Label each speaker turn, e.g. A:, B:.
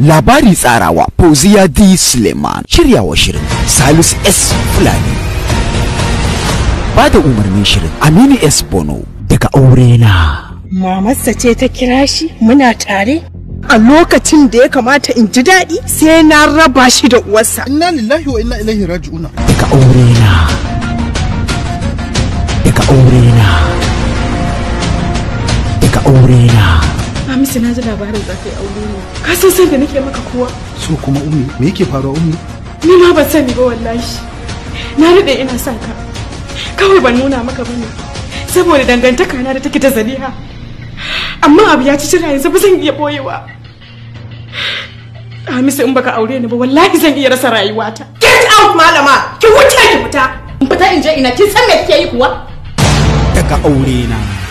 A: labari tsarawa fauziya d suleiman shiryawa shirin salus s fulani ba da umarnin shirin aminu s bono daga aure na
B: mamarsa ce ta kira shi muna
C: tare a lokacin da ya kamata in ji daɗi sai na raba shi da uwarsa
B: inna lillahi wa inna ilaihi raji'una daga aure na daga aure na daga aure na Hamisu na ji labarin za ka yi aure ne. Ka san san da nake maka kowa.
D: So kuma Ummi, me yake faruwa Ummi?
B: Ni ma ban sani ba wallahi. Na daɗe ina son ka. Kawai ban nuna maka ba ne. Saboda dangantaka na da take ta zaliha. Amma abu ya ci cira yanzu ba zan iya boyewa. Hamisu in baka aure ni ba wallahi zan iya rasa
C: rayuwata. Get out malama, ki wuce ki fita. In fita in je ina kin san me kike yi kuwa?
D: Daga aure na.